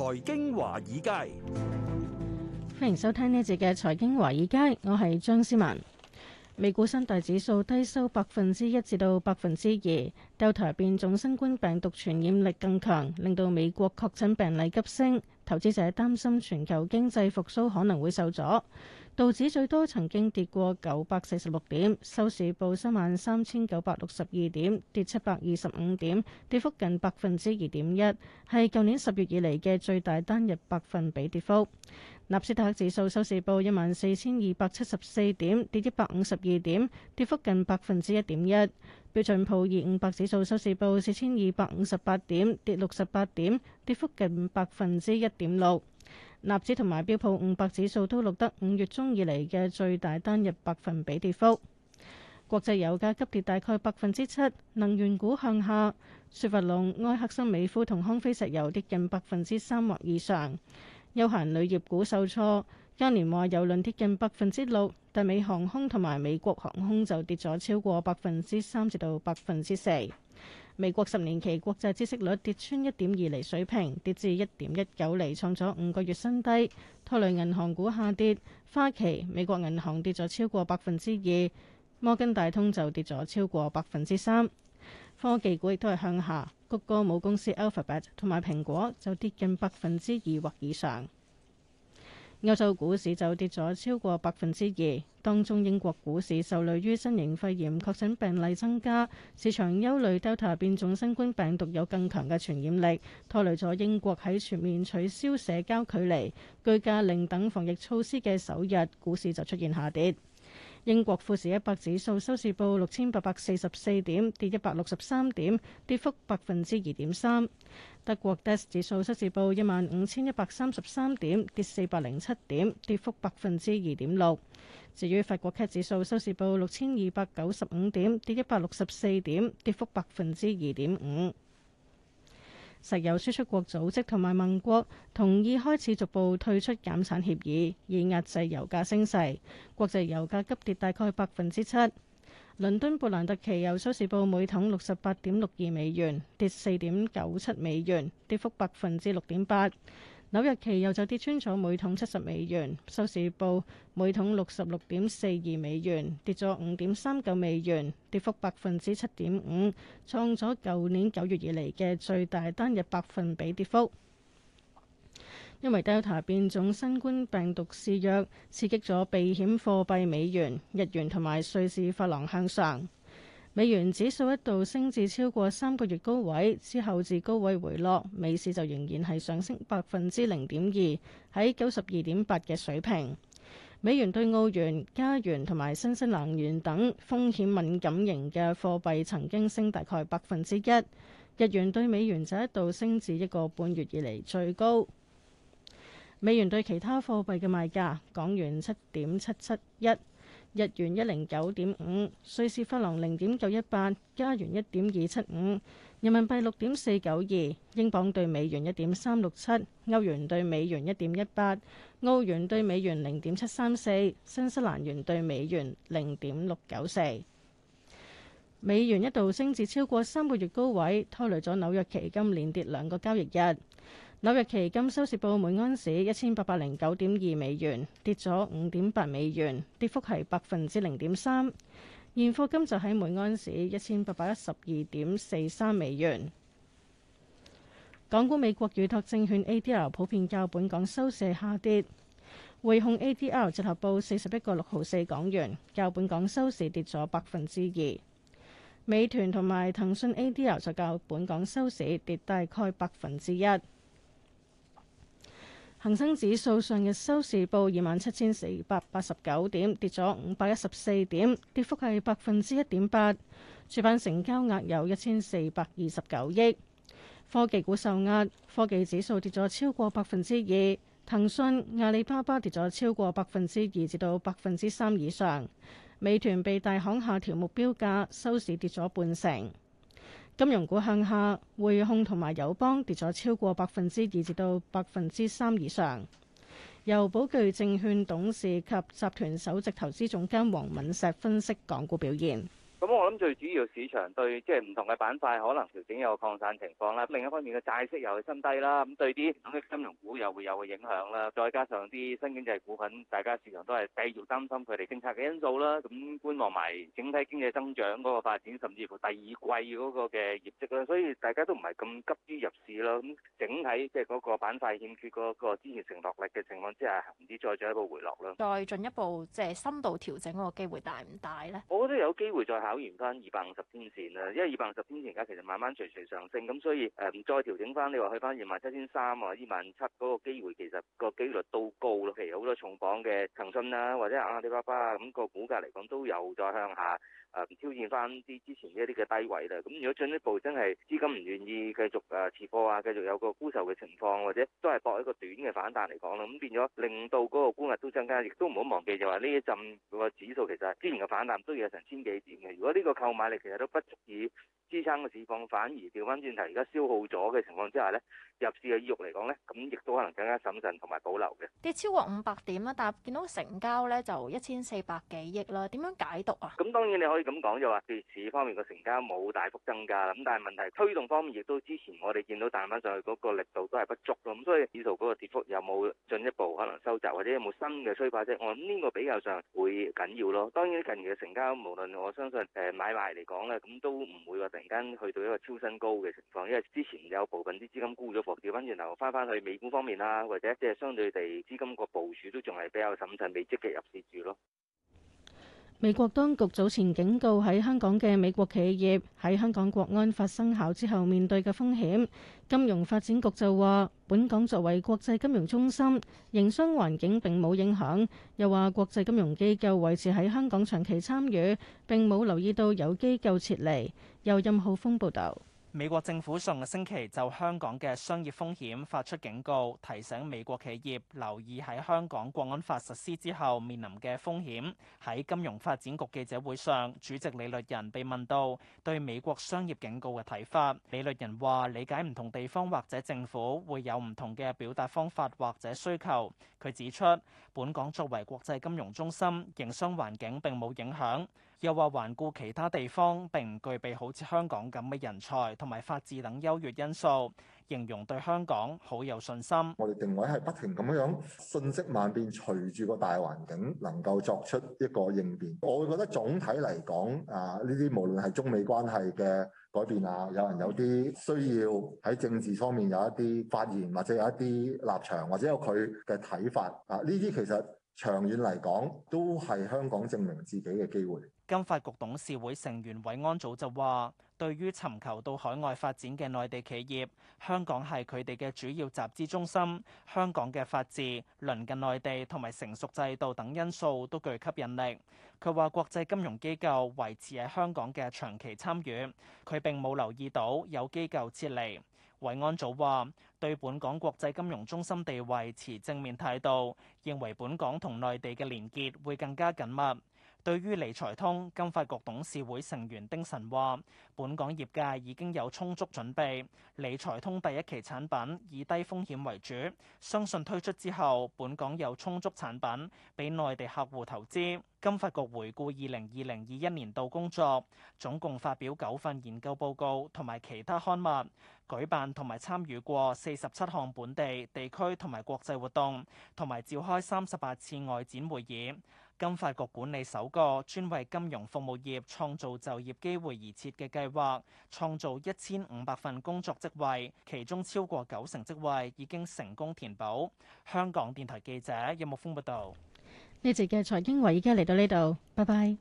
財經華爾街，歡迎收聽呢一節嘅財經華爾街，我係張思文。美股三大指數低收百分之一至到百分之二，頭條變種新冠病毒傳染力更強，令到美國確診病例急升，投資者擔心全球經濟復蘇可能會受阻。道指最多曾經跌過九百四十六點，收市報三萬三千九百六十二點，跌七百二十五點，跌幅近百分之二點一，係舊年十月以嚟嘅最大單日百分比跌幅。納斯達克指數收市報一萬四千二百七十四點，跌一百五十二點，跌幅近百分之一點一。標準普爾五百指數收市報四千二百五十八點，跌六十八點，跌幅近百分之一點六。納指同埋標普五百指數都錄得五月中以嚟嘅最大單日百分比跌幅。國際油價急跌，大概百分之七，能源股向下。雪佛龍、埃克森美孚同康菲石油跌近百分之三或以上。休閒旅業股受挫，嘉年華郵輪跌近百分之六，達美航空同埋美國航空就跌咗超過百分之三至到百分之四。美國十年期國債息率跌穿一點二厘水平，跌至一點一九厘，創咗五個月新低，拖累銀行股下跌。花旗、美國銀行跌咗超過百分之二，摩根大通就跌咗超過百分之三。科技股亦都係向下，谷歌母公司 Alphabet 同埋蘋果就跌近百分之二或以上。歐洲股市就跌咗超過百分之二，當中英國股市受累於新型肺炎確診病例增加，市場憂慮 Delta 變種新冠病毒有更強嘅傳染力，拖累咗英國喺全面取消社交距離、居家令等防疫措施嘅首日，股市就出現下跌。英國富時一百指數收市報六千八百四十四點，跌一百六十三點，跌幅百分之二點三。德國 DAX 指數收市報一萬五千一百三十三點，跌四百零七點，跌幅百分之二點六。至於法國 CAC 指數收市報六千二百九十五點，跌一百六十四點，跌幅百分之二點五。石油輸出國組織同埋盟國同意開始逐步退出減產協議，以壓制油價升勢。國際油價急跌大概百分之七。倫敦布蘭特期油收市報每桶六十八點六二美元，跌四點九七美元，跌幅百分之六點八。紐約期油就跌穿咗每桶七十美元，收市報每桶六十六點四二美元，跌咗五點三九美元，跌幅百分之七點五，創咗舊年九月以嚟嘅最大單日百分比跌幅。因為 Delta 變種新冠病毒肆虐刺激咗避險貨幣美元、日元同埋瑞士法郎向上。美元指數一度升至超過三個月高位，之後自高位回落，美市就仍然係上升百分之零點二，喺九十二點八嘅水平。美元對澳元、加元同埋新西蘭元等風險敏感型嘅貨幣曾經升大概百分之一。日元對美元就一度升至一個半月以嚟最高。美元對其他貨幣嘅賣價，港元七點七七一。日元一零九點五，瑞士法郎零點九一八，加元一點二七五，人民幣六點四九二，英鎊兌美元一點三六七，歐元兌美元一點一八，澳元兌美元零點七三四，新西蘭元兌美元零點六九四。美元一度升至超過三個月高位，拖累咗紐約期金連跌兩個交易日。紐約期金收市報每盎司一千八百零九點二美元，跌咗五點八美元，跌幅係百分之零點三。現貨金就喺每盎司一千八百一十二點四三美元。港股美國預託證券 A D R 普遍較本港收市下跌，匯控 A D R 集合報四十一個六毫四港元，較本港收市跌咗百分之二。美團同埋騰訊 A D R 就較本港收市跌大概百分之一。恒生指數上日收市報二萬七千四百八十九點，跌咗五百一十四點，跌幅係百分之一點八。主板成交額有一千四百二十九億。科技股受壓，科技指數跌咗超過百分之二，騰訊、阿里巴巴跌咗超過百分之二至到百分之三以上。美團被大行下調目標價，收市跌咗半成。金融股向下，匯控同埋友邦跌咗超過百分之二至到百分之三以上。由寶鉅證券董事及集團首席投資總監黃敏石分析港股表現。我諗最主要市場對即係唔同嘅板塊可能調整有擴散情況啦。另一方面嘅債息又係新低啦，咁對啲金融股又會有個影響啦。再加上啲新經濟股份，大家市場都係繼續擔心佢哋政策嘅因素啦。咁觀望埋整體經濟增長嗰個發展，甚至乎第二季嗰個嘅業績啦。所以大家都唔係咁急於入市咯。咁整體即係嗰個板塊欠缺嗰個支持承諾力嘅情況之下，唔知再進一步回落咯。再進一步即係、就是、深度調整嗰個機會大唔大咧？我覺得有機會再考驗。翻二百五十天線啦，因為二百五十天線而家其實慢慢隨隨上升，咁所以誒唔、嗯、再調整翻，你話去翻二萬七千三啊，二萬七嗰個機會其實個機率，率都高咯，譬如好多重磅嘅騰訊啊，或者阿里巴巴啊，咁、個股價嚟講都有再向下。啊，挑戰翻啲之前一啲嘅低位啦。咁如果進一步真係資金唔願意繼續啊持貨啊，繼續有個沽售嘅情況，或者都係搏一個短嘅反彈嚟講啦。咁變咗令到嗰個沽額都增加，亦都唔好忘記就話呢一陣個指數其實之前嘅反彈都要成千幾點嘅。如果呢個購買力其實都不足以支撐個市況，反而調翻轉頭而家消耗咗嘅情況之下呢。入市嘅意欲嚟講咧，咁亦都可能更加審慎同埋保留嘅。跌超過五百點啦，但係見到成交咧就一千四百幾億啦。點樣解讀啊？咁當然你可以咁講就話跌市方面個成交冇大幅增加啦。咁但係問題推動方面亦都之前我哋見到彈翻上去嗰個力度都係不足咯。咁所以指數嗰個跌幅有冇進一步可能收窄，或者有冇新嘅催化啫？我諗呢個比較上會緊要咯。當然近期嘅成交，無論我相信誒買賣嚟講啦，咁都唔會話突然間去到一個超新高嘅情況，因為之前有部分啲資金沽咗。調翻轉頭，翻翻去美股方面啦，或者即係相對地資金個部署都仲係比較審慎，未積極入市住咯。美國當局早前警告喺香港嘅美國企業喺香港國安法生效之後面對嘅風險。金融發展局就話，本港作為國際金融中心，營商環境並冇影響。又話國際金融機構維持喺香港長期參與，並冇留意到有機構撤離。由任浩峯報導。美國政府上個星期就香港嘅商業風險發出警告，提醒美國企業留意喺香港國安法實施之後面臨嘅風險。喺金融發展局記者會上，主席李律仁被問到對美國商業警告嘅睇法，李律仁話理解唔同地方或者政府會有唔同嘅表達方法或者需求。佢指出，本港作為國際金融中心，營商環境並冇影響。又話環顧其他地方並唔具備好似香港咁嘅人才同埋法治等優越因素，形容對香港好有信心。我哋定位係不停咁樣樣，瞬息萬變，隨住個大環境能夠作出一個應變。我會覺得總體嚟講啊，呢啲無論係中美關係嘅改變啊，有人有啲需要喺政治方面有一啲發言，或者有一啲立場，或者有佢嘅睇法啊，呢啲其實長遠嚟講都係香港證明自己嘅機會。金發局董事會成員韋安祖就話，對於尋求到海外發展嘅內地企業，香港係佢哋嘅主要集資中心。香港嘅法治、鄰近內地同埋成熟制度等因素都具吸引力。佢話國際金融機構維持喺香港嘅長期參與，佢並冇留意到有機構撤離。韋安祖話，對本港國際金融中心地位持正面態度，認為本港同內地嘅連結會更加緊密。對於理財通，金發局董事會成員丁晨話：本港業界已經有充足準備，理財通第一期產品以低風險為主，相信推出之後，本港有充足產品俾內地客戶投資。金發局回顧二零二零二一年度工作，總共發表九份研究報告同埋其他刊物，舉辦同埋參與過四十七項本地、地區同埋國際活動，同埋召開三十八次外展會議。金發局管理首個專為金融服務業創造就業機會而設嘅計劃，創造一千五百份工作職位，其中超過九成職位已經成功填補。香港電台記者葉木峰報道。呢節嘅財經圍已經嚟到呢度，拜拜。